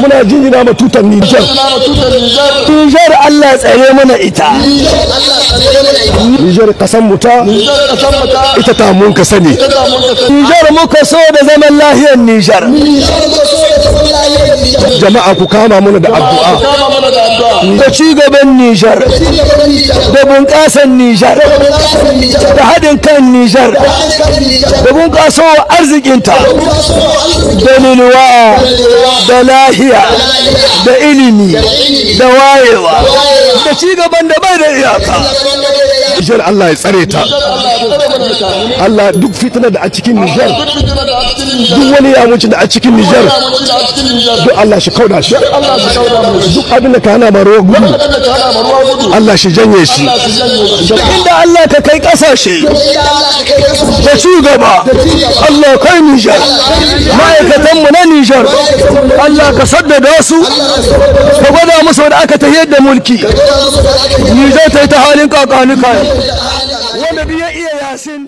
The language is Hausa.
muna jinjina ma tutar Nijar Nijar Allah tsare mana ita Nijar kasan muta ita ta mun ka sani Nijar muka so da zaman lahiyar Nijar jama'a ku kama mana da addu'a da ci gaban Nijar da bunƙasan Nijar da haɗin kan Nijar da bunƙasowa arzikinta da lilwa da lahiya da ilimi da wayewa da ci gaban da bai da iyaka Nijar Allah ya tsare ta Allah duk fitina da a cikin Nijar duk wani ya mutu da a cikin Nijar duk Allah shi kauda shi duk abin da ka hana ma ruwa gudu Allah shi janye shi duk inda Allah ka kai kasashe da shugaba Allah kai Nijar ma'aikatan mu na Nijar Allah ka saddada su ka gwada musu da aka ta yadda mulki Nijar ta yi ta halin kakanuka wanda biya iya yasin